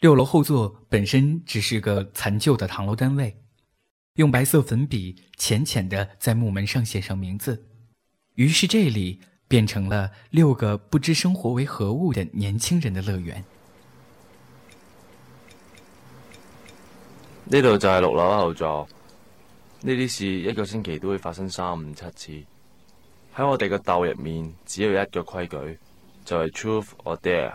六樓後座本身只是個殘舊的唐樓單位，用白色粉筆淺淺的在木門上寫上名字，於是這裏變成了六個不知生活為何物的年輕人的樂園。呢度就係六樓後座，呢啲事一個星期都會發生三五七次。喺我哋嘅竇入面，只要一個規矩，就係、是、Truth or Dare。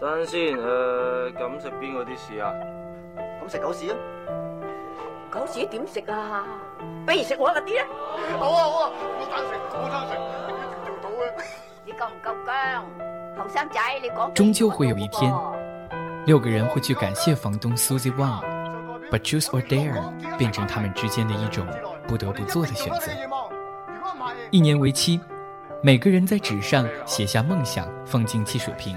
等先，誒、呃，咁食邊個啲屎啊？咁食狗屎，狗屎啊？狗屎點食啊？不如食我嗰啲啊！好啊好啊，我贊成，我贊成。一定要做到啊！你夠唔夠姜？後生仔，你講講。終究會有一天，一個六個人會去感謝房東 Suzy Wang，把 but Choose juice or Dare 變成他們之間的一種不得不做的選擇。一,一年為期，個每個人在紙上寫下夢想，夢想放進汽水瓶。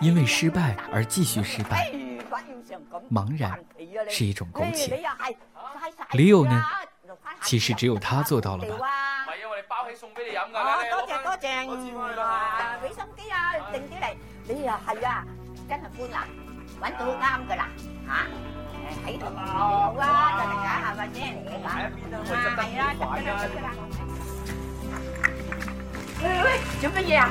因為失敗而繼續失敗，哎啊、茫然是一種苟且。理由呢？啊、其實只有他做到了吧、啊。多謝多謝，我話啊，整啲嚟。你又係啊，跟客官啦，穩到啱噶啦，吓？睇到啊？真係假啊？或者你講？喂喂、嗯，做乜嘢啊？